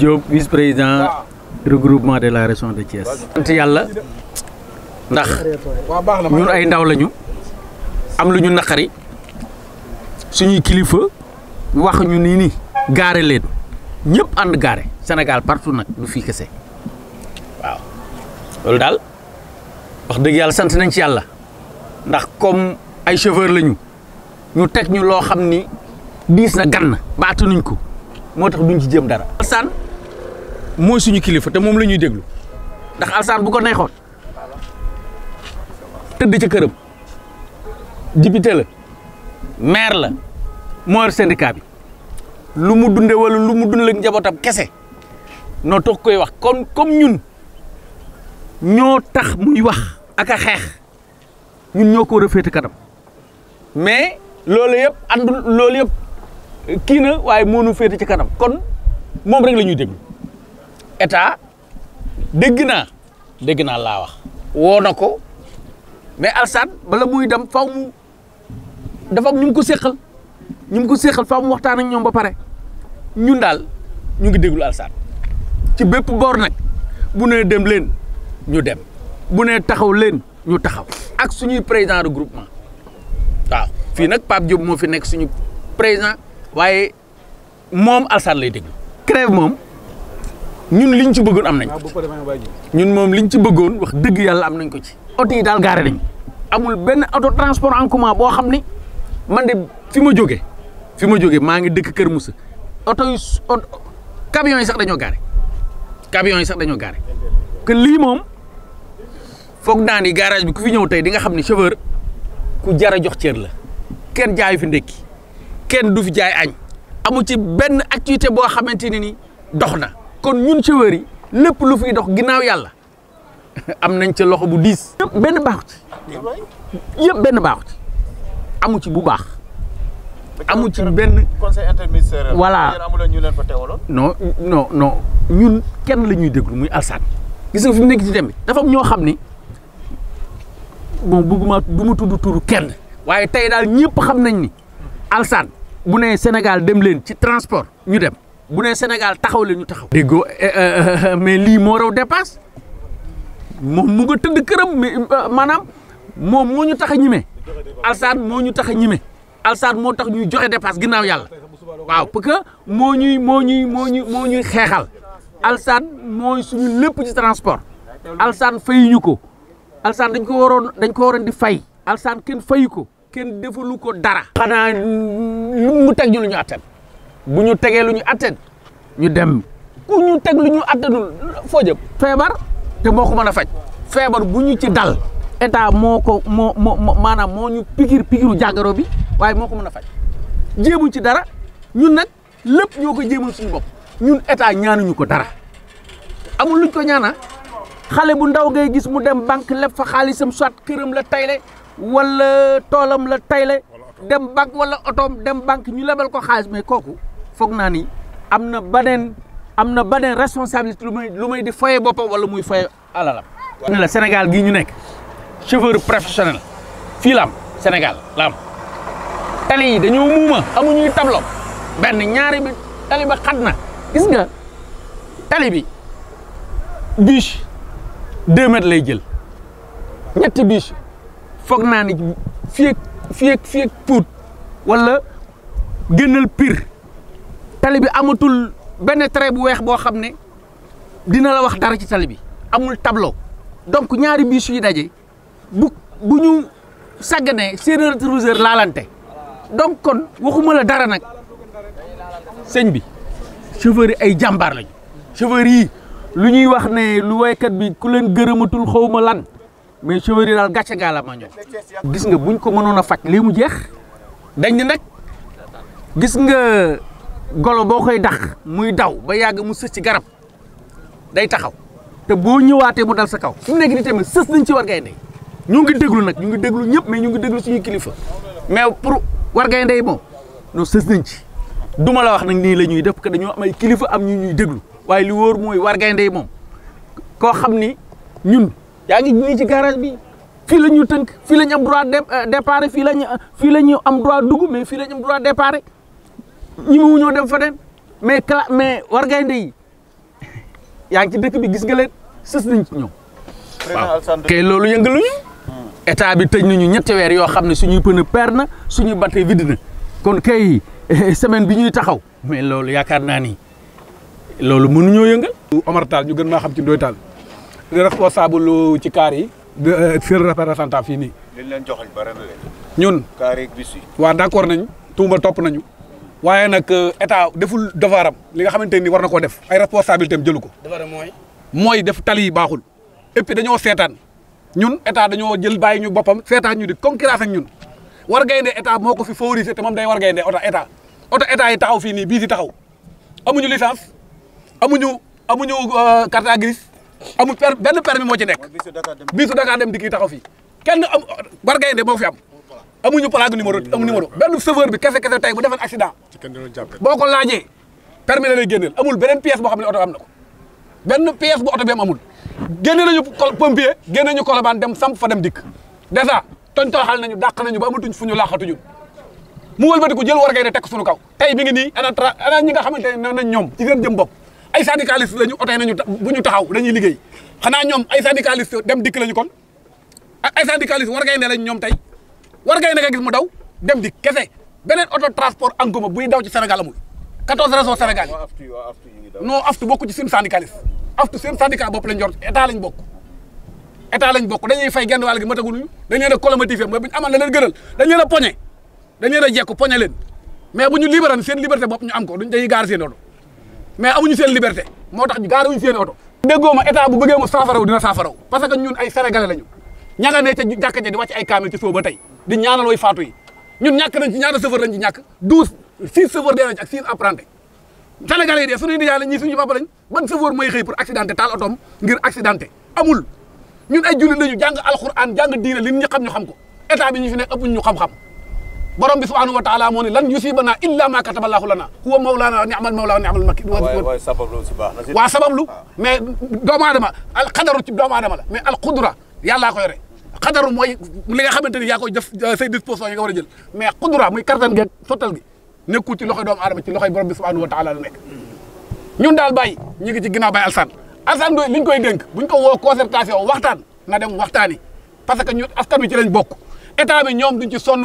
Diop vice président ah. regroupement de la région de Thiès. sant yàlla ndax ñun ay ndaw lañu am lu ñu naqari suñuy kilifa wax ñu nii ni gaare leen ñëpp ànd gaare Sénégal partout nag du fi kese waaw loolu daal wax dëgg yàlla sant nañ ci yàlla ndax comme ay chauffeur lañu ñu teg ñu loo xam ni diis na gann baatunuñ ko moo tax duñ ci jëm dara. mooy suñu kilifa te moom la ñuy déglu ndax alsaan bu ko neexoon tëdd ca këram député la maire la mooy syndicat bi lu mu dunde walla lu mu dundal ak njabootam kese noo toog koy wax kon kom ñun ñoo tax muy wax ak xeex ñun ñoo ko war a féete kanam mais loolu yëpp àndul loolu yëpp kii na waaye moo nu féete ci kanam kon moom rek la ñuy déglu. état dégg naa dégg naa laa wax woo na ko mais Alsaan bala muy dem faw mu dafa am ñu mu ko séqal ñu mu ko séqal faw mu waxtaan ñoom ba pare ñun daal ñu ngi déglu Alsaan ci bépp boor nag bu nee dem leen ñu dem bu nee taxaw leen ñu taxaw ak suñuy président de groupement waaw fii nag Pape Diop moo fi nekk suñu président waaye moom Alsaan lay déglu crève moom ñun li ñu ci bëggoon am nañ ah, ko ñun moom li ñu ci bëggoon wax dëgg yàlla am nañ ko ci oto yi daal gaare nañ amul benn auto transport en commun boo xam ni man de fi ma jóge fi ma jógee maa ngi dëkk Kër Moussa oto yi sax dañoo gaare camions sax dañoo gaare que lii moom foog naa ni garage bi ku fi ñëw tey di nga xam ne chauffeur ku jar a jox cër la kenn jaayu fi ndekki kenn du fi jaay añ amu ci benn activité boo xamante ne ni dox na kon ñun chauffeur yi lépp lu fiy dox ginnaaw yàlla am nañ ca loxo bu diis. benn baaxu ci benn baaxu ci amu ci bu baax. amu ci benn conseil interministériel. voilà ñu leen fa teewaloon. non non ñun kenn la ñuy déglu muy alsaan gis nga fi mu nekk ci dem dafa am ñoo xam ni bon bëgguma du ma tudd turu kenn. waaye tey daal ñëpp xam nañ ni alsaan bu ne Sénégal dem leen ci transport ñu dem. bu nee Sénégal taxaw la ñu taxaw. déggoo eh, eh, eh, mais lii moo raw dépasse moom mu nga tëdd këram euh, maanaam moom moo ñu tax a ñime alsaan moo ñu tax a ñime alsaan moo tax ñuy joxe dépasse ginnaaw yàlla waaw parce que moo ñuy moo ñuy moo ñuy moo ñuy xeexal alsaan mooy suñu lépp ci transport alsaan fayuñu ko alsaan dañ ko waroon dañ ko waroon di fay alsaan kenn fayu ko kenn defalu ko dara. xanaa mm, lu mu teg ñu lu ñu attan. bu ñu tegee lu ñu atteen ñu dem ku ñu teg lu ñu attenul foo jëm feebar te moo ko mën a faj feebar bu ñu ci dal état moo ko moo moo maanaam moo ñu pigir pigiru jàngoro bi waaye moo ko mën a faj jéemuñ ci dara ñun nag lépp ñoo ko jéemal suñu bopp ñun état ñaanuñu ko dara amul luñ ko ñaana xale bu ndaw ngay gis mu dem banque leb fa xaalisam soit këram la tayle wala toolam la tayle dem banque wala otoom dem banque ñu lebal ko xaalis mais kooku foog naa ni am na beneen am na beneen responsabilité lu may lu may di foye boppam wala muy foye alalam. ne la Sénégal gii ñu nekk chauffeur professionnel fii la am Sénégal la tali yi dañoo muuma amuñuy tablo benn ñaari bi tali ba xat na gis nga tali bi bûche deux mètres lay jël ñetti bûche foog naa ni fii ak fii ak génnal pire tali bi amatul benn trait bu weex boo xam ne dina la wax dara ci tali bi amul tableau donc ñaari bus yu daje bu bu ñu sàgganee seen rétroviseur laalante donc kon waxuma la dara nag sëñ bi chauffeur ay jàmbaar lañu chauffeur yi lu ñuy wax ne lu waykat bi ku leen gërëmatul xawma lan mais chauffeur yi daal gàcce gaala ma ñoom gis nga buñ ko mënoon a faj lii mu jeex dañ ne nag gis nga golo boo koy dax muy daw ba yàgg mu sës ci garab day taxaw te boo ñëwaatee mu dal sa kaw su mu nekk tamit sës nañ ci war gaynde ñu ngi déglu nag ñu ngi déglu ñëpp mais ñu ngi déglu suñuy kilifa mais pour war gaynde yi moom non sës nañ ci duma la wax nag nii la ñuy def que dañoo am ay kilifa am ñu ñuy déglu waaye li wóor mooy war gaynde yi moom koo xam ni ñun yaa ngi nii ci garage bi fii la ñu tënk fii la ñu am droit euh, départ fii la ñu fii la ñu am droit dugg mais fii la ñu am droit départ ñoo dem fa dem mais cla mais war gaynde yi yaa ngi ci dëkk bi gis nga leen sës nañ ci ñoom. waaw loolu yëngaluñu. Hmm. état bi tëj nañu ñetti weer yoo xam ne suñuy pneu per na suñuy batterie vide na kon kay semaine bi ñuy taxaw mais loolu yaakaar naa ni loolu mënuñoo yëngal. Omar Tall ñu gën maa xam ci Ndoye Tall le responsable ci kaar de euh, seen représentant fii nii. liñ leen joxoon bare ñun. kaar yeeg d' accord nañu tuuma topp nañu. waaye nag euh, état deful devoiram li nga xamante ni war na koo def ay responsabilité am jëlu ko. mooy. mooy def tali yi baaxul. et dañoo seetaan ñun état dañoo jël bàyyi ñu boppam seetaan ñu di concurrence ak ñun war gaynde état moo ko fi favoriser te moom day war gaynde oto état oto état yi taxaw fi ni bii di taxaw amuñu licence amuñu amuñu euh, carte grise amuñu benn permis moo ci nekk. bisu Dakar dem di kii taxaw fii kenn am war gaynde moo fi am. amuñu plaque numéro amu numéro benn chauffeur bi kese kese tey bu defoon accident boo ko beneen pièce boo xam ne oto am na ko benn pièce bu oto bi am amul génne nañu pompier génne ñu Colobane dem samp fa dem dikk dèjà toñ tooxal nañu dàq nañu ba amatuñ fu ñu laaxatuñu mu wëlbati ko jël war gay ne tekk suñu kaw tey bi ngi nii ana tra ana ñi nga xamante ne nañ ñoom ci seen jëm bopp ay syndicaliste lañu oto nañu bu ñu taxaw dañuy liggéey xanaa ñoom ay syndicaliste dem dikk lañu kon ak ay syndicaliste war gay ne lañ ñoom tey war ngay na nga gis mu daw dem di kese beneen auto transport en commun buy daw ci Sénégal amul 14 régions Sénégal bokku ci seen syndicaliste aftu seen syndicat bopp lañ jor état lañ bokk état lañ bokk dañuy fay genn wàll gi mataguluñu dañ leen a colomotifié mooy bu ñu amal la a poñe dañ leen gaar seen oto mais amuñu seen liberté moo tax ñu gaaruñu seen oto déggoo ma bu bëggee mu saafaraw dina saafaraw parce que ñun ay sénégalais lañu ña nga ne ca jàkka ja di wàcc ay kaamil ci soo di ñaanal way faatu yi ñun ñàkk nañ ci ñaata chauffeur lañ ci ñàkk douze six chauffeur dee nañ ci ak six yi dee suñuy nijaay suñu papa lañ ban chauffeur mooy xëy pour accidenté taal otoom ngir accidenté amul ñun ay jullit lañu jàng alxuraan jàng diine li ñu xam ñu xam ko état bi ñu fi ñu xam-xam borom bi subhanahu wa taala moo ne lan yusibana illa ma kataballahu lana huwa mawlana wa ni'mal mawla wa ni'mal makid doom adama al qadaru ci doomu la mais al qudra yàllaa ko yore xadaru mooy li nga xamante ni yaa koy def euh, say disposition yi nga war a jël mais xudura muy kartan geeg sottal gi nekkul ci loxoy doomu aadama ci loxoy borom bi subhanahu wa taala la nekk ñun daal bàyyi ñu ngi ci ginnaaw bàyyi alsan alsan do liñ koy dénk buñ ko woo concertation waxtaan na dem waxtaani parce que ñun askan wi ci lañ bokk état bi ñoom duñ ci sonn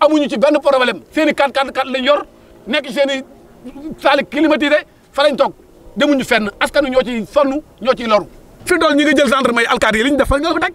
amuñu ci benn problème seen i kat kat lañ yor nekk seen i saali climatisé fa lañ toog demuñu fenn askan wi ñoo ciy sonn ñoo ciy loru fi dool ñi jël gendarme yi alkaati yi li ñu def fa ko teg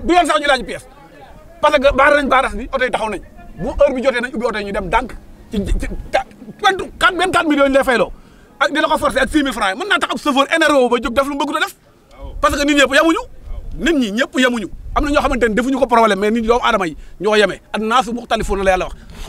du yoon sax ñu laaj pièce parce que baara nañ baaraas bi oto yi taxaw nañ bu heure bi jotee nañ ubbi oto yi ñu dem dànk ci ci quatre vingt quatre millions yi lay fayloo ak di la ko forcé ak six mille francs yi mën naa tax ab ba jóg def lu mu def parce que nit ñëpp yamuñu nit ñi ñëpp yamuñu am na ñoo xamante ne defuñu ko problème mais nit doomu aadama yi ñoo yemee an naasu muxtalifuuna la wax